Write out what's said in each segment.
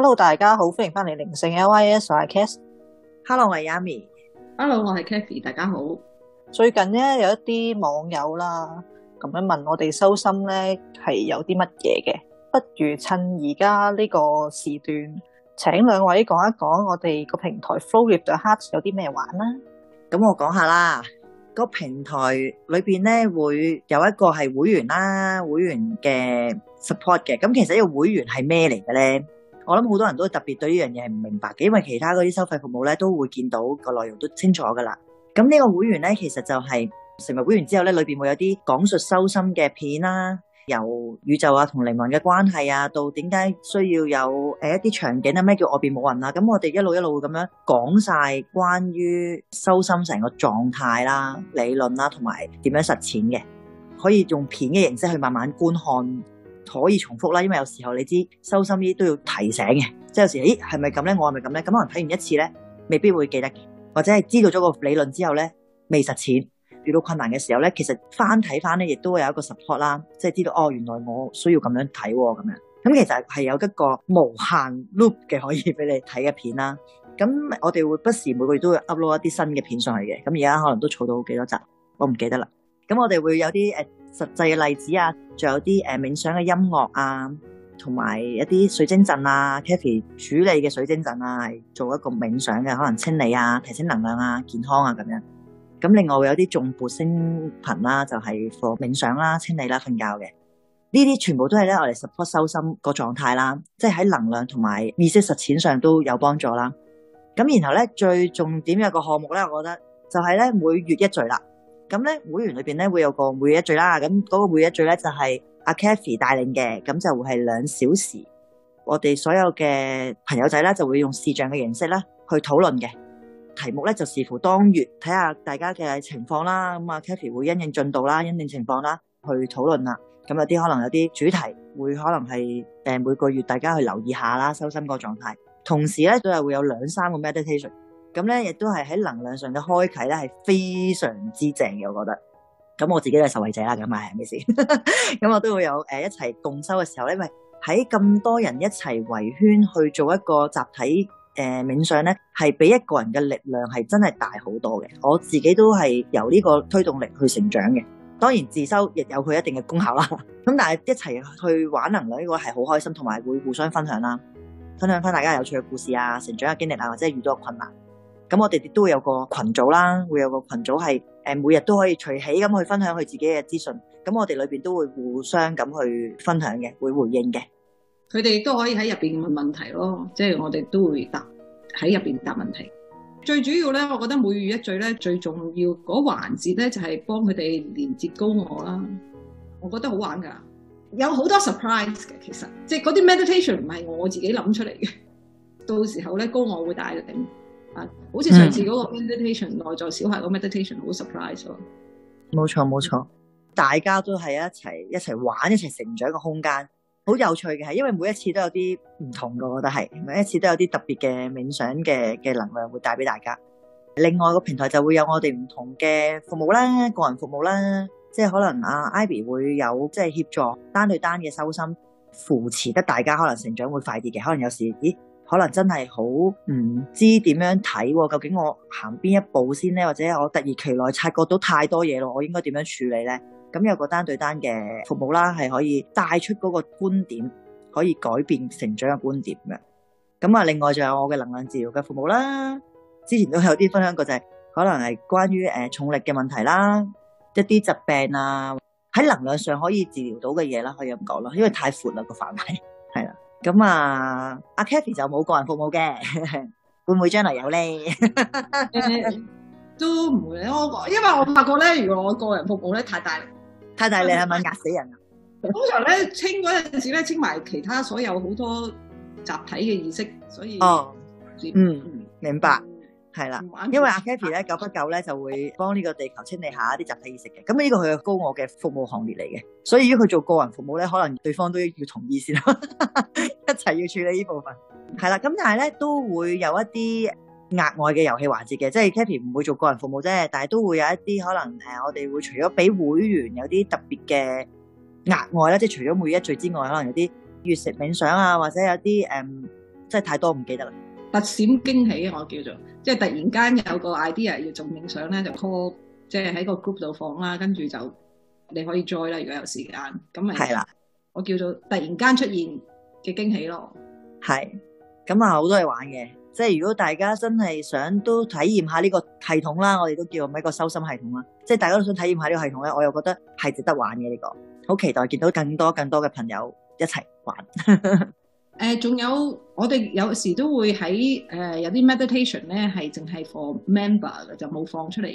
Hello，大家好，歡迎翻嚟靈性嘅 LYS，我係 Cass。Hello，我係 Yami。Hello，我係 Cathy。大家好。最近咧有一啲網友啦，咁樣問我哋修心咧係有啲乜嘢嘅，不如趁而家呢個時段，請兩位講一講我哋個平台 Flow With The Heart 有啲咩玩啦。咁我講一下啦，個平台裏邊咧會有一個係會員啦，會員嘅 support 嘅。咁其實個會員係咩嚟嘅咧？我諗好多人都特別對呢樣嘢係唔明白嘅，因為其他嗰啲收費服務咧都會見到個內容都清楚㗎喇。咁呢個會員咧，其實就係成為會員之後咧，裏邊會有啲講述修心嘅片啦，由宇宙啊同靈魂嘅關係啊，到點解需要有誒一啲場景啊，咩叫外邊冇人啦、啊。咁我哋一路一路會咁樣講晒關於修心成個狀態啦、理論啦、啊，同埋點樣實踐嘅，可以用片嘅形式去慢慢觀看。可以重複啦，因為有時候你知收心啲都要提醒嘅，即係有時候，咦係咪咁咧？我係咪咁咧？咁可能睇完一次咧，未必會記得嘅，或者係知道咗個理論之後咧，未實踐，遇到困難嘅時候咧，其實翻睇翻咧，亦都會有一個 support 啦，即係知道哦，原來我需要咁樣睇喎，咁樣，咁其實係有一個無限 loop 嘅，可以俾你睇嘅片啦。咁我哋會不時每個月都會 upload 一啲新嘅片上嚟嘅。咁而家可能都儲到幾多集，我唔記得啦。咁我哋會有啲誒實際嘅例子啊，仲有啲誒冥想嘅音樂啊，同埋一啲水晶陣啊，Cathy 處理嘅水晶陣啊，係做一個冥想嘅可能清理啊，提升能量啊，健康啊咁樣。咁另外會有啲頌缽聲頻啦，就係 for 冥想啦、清理啦、瞓覺嘅。呢啲全部都係咧我哋 support 修心個狀態啦，即係喺能量同埋意識實踐上都有幫助啦。咁然後咧最重點一個項目咧，我覺得就係咧每月一聚啦。咁咧，會員裏面咧會有個每一聚啦，咁、那、嗰個每一聚咧就係阿 Cathy 帶領嘅，咁就會係兩小時，我哋所有嘅朋友仔咧就會用視像嘅形式啦去討論嘅題目咧就視乎當月睇下大家嘅情況啦，咁啊 Cathy 會因應進度啦、因應情況啦去討論啦，咁有啲可能有啲主題會可能係誒每個月大家去留意下啦，收心個狀態，同時咧都係會有兩三個 meditation。咁咧，亦都係喺能量上嘅開啓咧，係非常之正嘅。我覺得咁，我自己都係受惠者啦，咁啊，係咩事咁？我都會有誒一齊共修嘅時候咧，因為，喺咁多人一齊圍圈去做一個集體誒冥想咧，係比一個人嘅力量係真係大好多嘅。我自己都係由呢個推動力去成長嘅。當然自修亦有佢一定嘅功效啦。咁但係一齊去玩能量呢個係好開心，同埋會互相分享啦，分享翻大家有趣嘅故事啊、成長嘅經歷啊，或者遇到嘅困難。咁我哋亦都會有個群組啦，會有個群組係誒每日都可以隨起咁去分享佢自己嘅資訊。咁我哋裏邊都會互相咁去分享嘅，會回應嘅。佢哋都可以喺入邊問問題咯，即係我哋都會答喺入邊答問題。最主要咧，我覺得每月一聚咧，最重要嗰環節咧就係幫佢哋連接高我啦。我覺得好玩噶，有好多 surprise 嘅。其實即係嗰啲 meditation 唔係我自己諗出嚟嘅，到時候咧高我會帶你。啊！好似上次嗰個 meditation 內、嗯、在小孩個 meditation 好 surprise 咯，冇錯冇錯，大家都係一齊一齊玩一齊成長嘅空間，好有趣嘅係，因為每一次都有啲唔同嘅，我覺得係每一次都有啲特別嘅冥想嘅嘅能量會帶俾大家。另外個平台就會有我哋唔同嘅服務啦，個人服務啦，即係可能阿、啊、Ibby 會有即係協助單對單嘅收心扶持得大家可能成長會快啲嘅，可能有時咦？可能真係好唔知點樣睇喎，究竟我行邊一步先呢？或者我突如其來察覺到太多嘢咯，我應該點樣處理呢？咁有個單對單嘅服務啦，係可以帶出嗰個觀點，可以改變成長嘅觀點嘅。咁啊，另外就有我嘅能量治療嘅服務啦。之前都有啲分享過，就是，就係可能係關於重力嘅問題啦，一啲疾病啊，喺能量上可以治療到嘅嘢啦，可以咁講咯，因為太闊啦個範圍。咁啊，阿 Cathy 就冇個人服務嘅，會唔會將來有呢？都唔會，我因為我發覺呢，如果我個人服務呢，太大力，太大力係咪壓死人啊？通常呢清嗰陣時呢，清埋其他所有好多集體嘅意識，所以哦，嗯，明白。係啦，因為阿 Kathy 咧久不久咧就會幫呢個地球清理一下一啲集體意識嘅，咁、這、呢個佢嘅高我嘅服務行列嚟嘅，所以如果佢做個人服務咧，可能對方都要同意先咯， 一齊要處理呢部分。係啦，咁但係咧都會有一啲額外嘅遊戲環節嘅，即、就、係、是、Kathy 唔會做個人服務啫，但係都會有一啲可能誒，我哋會除咗俾會員有啲特別嘅額外啦，即、就、係、是、除咗每一聚之外，可能有啲月食冥想啊，或者有啲誒、嗯，真係太多唔記得啦。突閃驚喜我叫做，即係突然間有個 idea 要做影相咧，就 call 即係喺個 group 度放啦，跟住就你可以 join 啦。如果有時間，咁咪係啦。我叫做突然間出現嘅驚喜咯。係，咁啊好多嘢玩嘅，即係如果大家真係想都體驗下呢個系統啦，我哋都叫咁一個修心系統啦。即係大家都想體驗下呢個系統咧，我又覺得係值得玩嘅呢、呢個，好期待見到更多更多嘅朋友一齊玩。 誒、呃，仲有我哋有時都會喺、呃、有啲 meditation 咧，係淨係 for member 嘅，就冇放出嚟，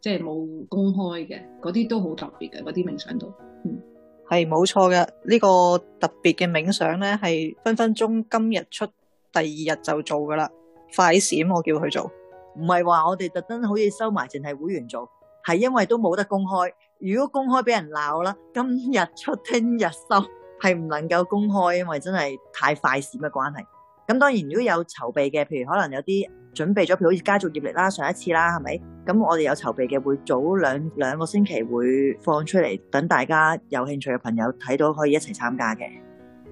即係冇公開嘅嗰啲，都好特別嘅嗰啲冥想度。嗯，係冇錯嘅，呢、呢個特別嘅冥想咧係分分鐘今日出，第二日就做噶啦，快閃我叫佢做，唔係話我哋特登好似收埋淨係會員做，係因為都冇得公開，如果公開俾人鬧啦，今日出，聽日收。係唔能夠公開，因為真係太快閃嘅關係。咁當然如果有籌備嘅，譬如可能有啲準備咗，譬如好似家族業力啦、上一次啦，係咪？咁我哋有籌備嘅會早兩兩個星期會放出嚟，等大家有興趣嘅朋友睇到可以一齊參加嘅。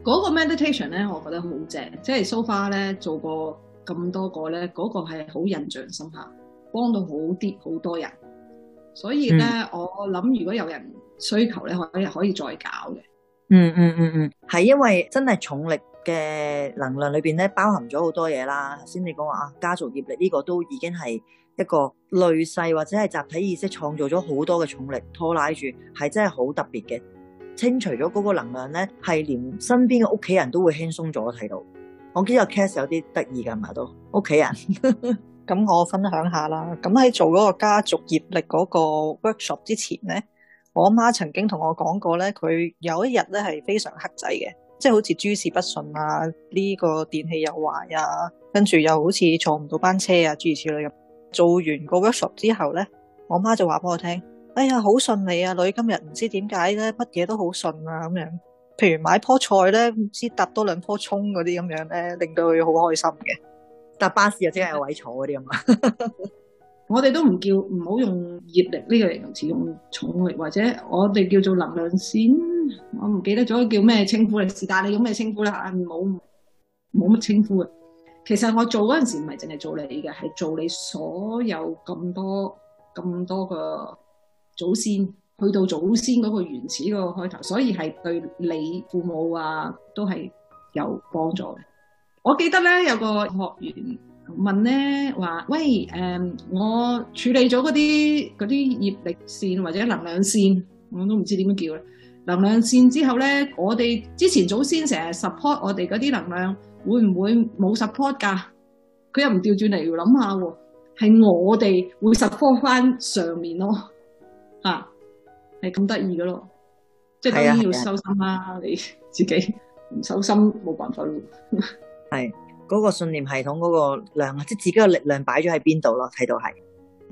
嗰個 meditation 咧，我覺得好正，即係 so far 咧做過咁多個咧，嗰個係好印象深刻，幫到好啲好多人。所以咧、嗯，我諗如果有人需求咧，可以可以再搞嘅。嗯嗯嗯嗯，係、嗯嗯嗯、因為真係重力嘅能量裏邊咧，包含咗好多嘢啦。頭先你講話啊，家族業力呢個都已經係一個累世或者係集體意識創造咗好多嘅重力拖拉住，係真係好特別嘅。清除咗嗰個能量咧，係連身邊嘅屋企人都會輕鬆咗。睇到我今日 case 有啲得意噶，係咪都屋企人？咁 我分享一下啦。咁喺做嗰個家族業力嗰個 workshop 之前咧。我媽曾經同我講過咧，佢有一日咧係非常黑仔嘅，即係好似諸事不順啊，呢個電器又壞啊，跟住又好似坐唔到班車啊諸如此類咁。做完個 workshop 之後咧，我媽就話俾我聽：哎呀，好順利啊女，今日唔知點解咧，乜嘢都好順啊咁樣。譬如買棵菜咧，唔知搭多兩棵葱嗰啲咁樣咧，令到佢好開心嘅。搭巴士又真係有位坐嗰啲咁啊。 我哋都唔叫，唔好用業力呢個形容詞，用重力或者我哋叫做能量線，我唔記得咗叫咩稱呼啦，是但你用咩稱呼啦，吓，冇冇乜稱呼啊。其實我做嗰陣時唔係淨係做你嘅，係做你所有咁多咁多個祖先，去到祖先嗰個原始嗰個開頭，所以係對你父母啊都係有幫助嘅。我記得咧有個學員，問咧話，喂，誒、呃，我處理咗嗰啲嗰啲業力線或者能量線，我都唔知點樣叫啦。能量線之後咧，我哋之前祖先成日 support 我哋嗰啲能量，會唔會冇 support 㗎？佢又唔調轉嚟要諗下喎，係我哋會 support 翻上面咯，嚇、啊，係咁得意嘅咯，即係當然要收心啦、啊啊，你自己唔收心冇辦法喎，係。嗰個信念系統嗰個量啊，即係自己嘅力量擺咗喺邊度咯？睇到係，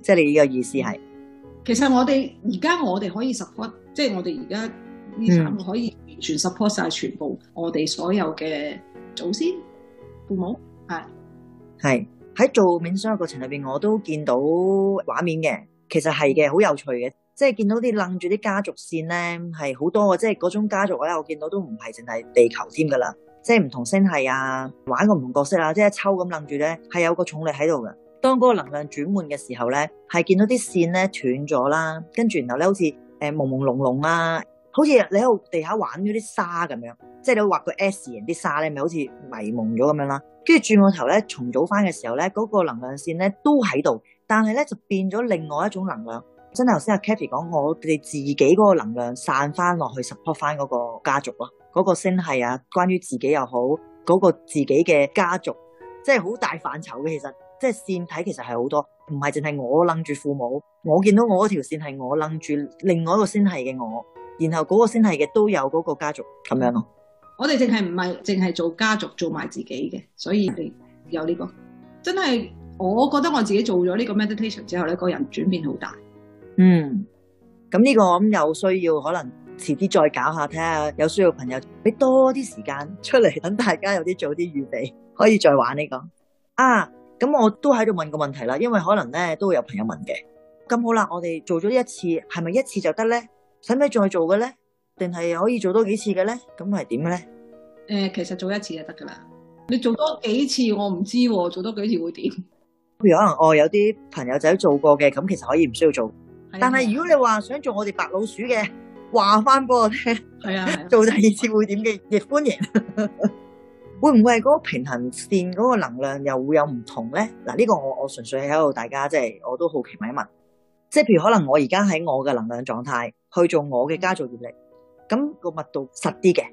即係你嘅意思係。其實我哋而家我哋可以 support，即係我哋而家呢三個可以完全 support 晒全部我哋所有嘅祖先父母，係係喺做冥想嘅過程裏邊，我都見到畫面嘅，其實係嘅，好有趣嘅，即係見到啲楞住啲家族線咧，係好多嘅，即係嗰種家族咧，我見到都唔係淨係地球添㗎啦。即係唔同星系啊，玩個唔同角色啊，即係一抽咁楞住咧，係有個重力喺度嘅。當嗰個能量轉換嘅時候咧，係見到啲線咧斷咗啦，跟住然後咧好似誒朦朦朧朧啦，好似、欸啊、你喺度地下玩咗啲沙咁樣，即係你畫個 S 型啲沙咧，咪好似迷蒙咗咁樣啦。跟住轉個頭咧，重組翻嘅時候咧，嗰、嗰個能量線咧都喺度，但係咧就變咗另外一種能量。真係頭先阿 Kathy 講過，我哋自己嗰個能量散翻落去 support 翻嗰個家族咯。嗰個星系啊，關於自己又好，嗰個自己嘅家族，即係好大範疇嘅。其實，即係線體其實係好多，唔係淨係我楞住父母，我見到我嗰條線係我楞住另外一個星系嘅我，然後嗰個星系嘅都有嗰個家族咁樣咯。我哋淨係唔係淨係做家族做埋自己嘅，所以你有呢個。真係，我覺得我自己做咗呢個 meditation 之後咧，個人轉變好大。嗯，咁呢個我諗有需要，可能。遲啲再搞下，睇下有需要朋友俾多啲時間出嚟，等大家有啲做啲預備，可以再玩呢個啊！咁我都喺度問個問題啦，因為可能咧都會有朋友問嘅。咁好啦，我哋做咗一次，係咪一次就得咧？使唔使再做嘅咧？定係可以做多幾次嘅咧？咁係點嘅咧？誒，其實做一次就得噶啦。你做多幾次我唔知，做多幾次會點？譬如，可能我有啲朋友仔做過嘅，咁其實可以唔需要做係。但係如果你話想做我哋白老鼠嘅。話翻俾我聽，啊，啊 做第二次會點嘅？亦歡迎， 會唔會係嗰個平衡線嗰個能量又會有唔同咧？嗱，呢個我我純粹喺度，大家即係我都好奇問一問，即係譬如可能我而家喺我嘅能量狀態去做我嘅家族業力，咁、嗯、個密度實啲嘅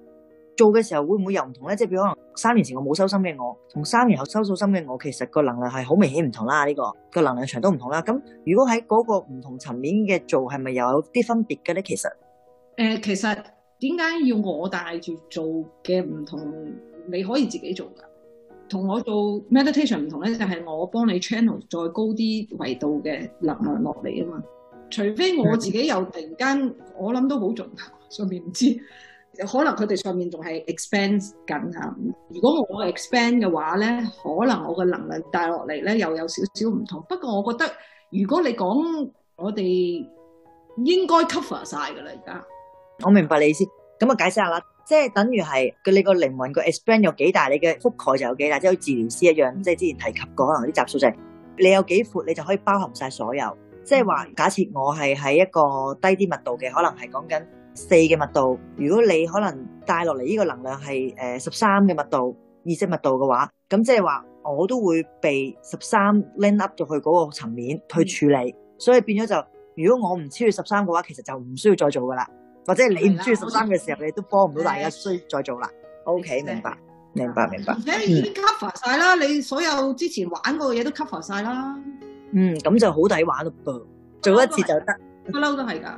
做嘅時候會唔會又唔同咧？即係譬如可能三年前我冇收心嘅我，同三年後收咗心嘅我，其實個能量係好明顯唔同啦。呢、這個個能量場都唔同啦。咁如果喺嗰個唔同層面嘅做，係咪又有啲分別嘅咧？其實。誒、呃，其實點解要我帶住做嘅唔同？你可以自己做㗎，同我做 meditation 唔同咧，就係、是、我幫你 channel 再高啲維度嘅能量落嚟啊嘛。除非我自己又突然間，我諗都好重要上面唔知，可能佢哋上面仲係 expand 緊嚇。如果我 expand 嘅話咧，可能我嘅能量帶落嚟咧又有少少唔同。不過我覺得，如果你講我哋應該 cover 晒㗎啦，而家。我明白你意思，咁啊，解釋下啦，即係等於係佢你個靈魂個 expand 有幾大，你嘅覆蓋就有幾大，即係好似治療師一樣，即係之前提及過，可能啲雜數值，就是，你有幾闊，你就可以包含晒所有。即係話，假設我係喺一個低啲密度嘅，可能係講緊四嘅密度。如果你可能帶落嚟呢個能量係誒十三嘅密度意識密度嘅話，咁即係話我都會被十三 link up 咗去嗰個層面去處理，嗯、所以變咗就如果我唔超越十三嘅話，其實就唔需要再做噶啦。或者你唔中意十三嘅時候，你都幫唔到大家，需再做啦。OK，明白，明白，明白。而且已經 cover 曬啦，你所有之前玩過嘢都 cover 曬啦。嗯，咁、嗯、就好抵玩咯噃，做一次就得。不嬲都係㗎，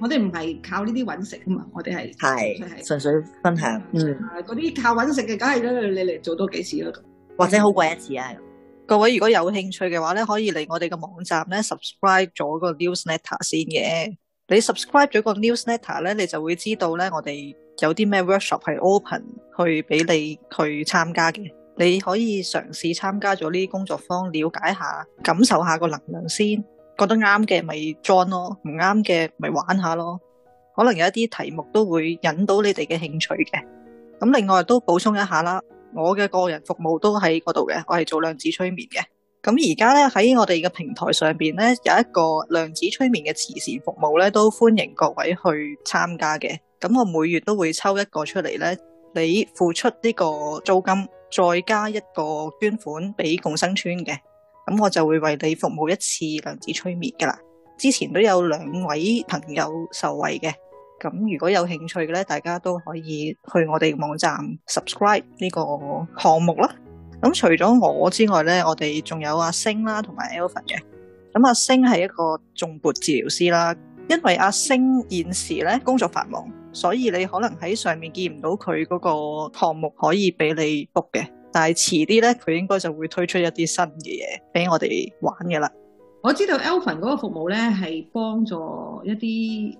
我哋唔係靠呢啲揾食啊嘛，我哋係係純粹分享。嗯，嗰、啊、啲靠揾食嘅，梗係你嚟做多幾次咯。或者好貴一次啊！嗯、各位如果有興趣嘅話咧，可以嚟我哋嘅網站咧，subscribe 咗個 newsletter 先嘅。你 subscribe 咗個 newsletter 咧，你就會知道咧，我哋有啲咩 workshop 係 open 去俾你去參加嘅。你可以嘗試參加咗呢啲工作坊，了解下，感受下個能量先。覺得啱嘅咪 join 咯，唔啱嘅咪玩下咯。可能有一啲題目都會引到你哋嘅興趣嘅。咁另外都補充一下啦，我嘅個人服務都喺嗰度嘅，我係做量子催眠嘅。咁而家咧，喺我哋嘅平台上邊咧，有一個量子催眠嘅慈善服務咧，都歡迎各位去參加嘅。咁我每月都會抽一個出嚟咧，你付出呢個租金，再加一個捐款俾共生村嘅，咁我就會為你服務一次量子催眠噶啦。之前都有兩位朋友受惠嘅，咁如果有興趣嘅咧，大家都可以去我哋網站 subscribe 呢個項目啦。咁除咗我之外咧，我哋仲有阿星啦，同埋 Alvin 嘅。咁阿星係一個頌缽治療師啦，因為阿星現時咧工作繁忙，所以你可能喺上面見唔到佢嗰個項目可以俾你 book 嘅。但係遲啲咧，佢應該就會推出一啲新嘅嘢俾我哋玩嘅啦。我知道 Alvin 嗰個服務咧係幫助一啲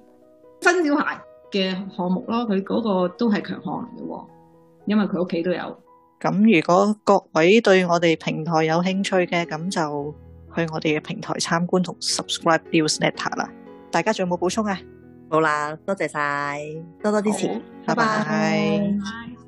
新小孩嘅項目咯，佢嗰個都係強項嚟嘅，因為佢屋企都有。咁如果各位對我哋平台有興趣嘅，咁就去我哋嘅平台參觀同 subscribe newsletter 啦。大家仲有冇補充啊？好啦，多謝晒，多多支持，拜拜。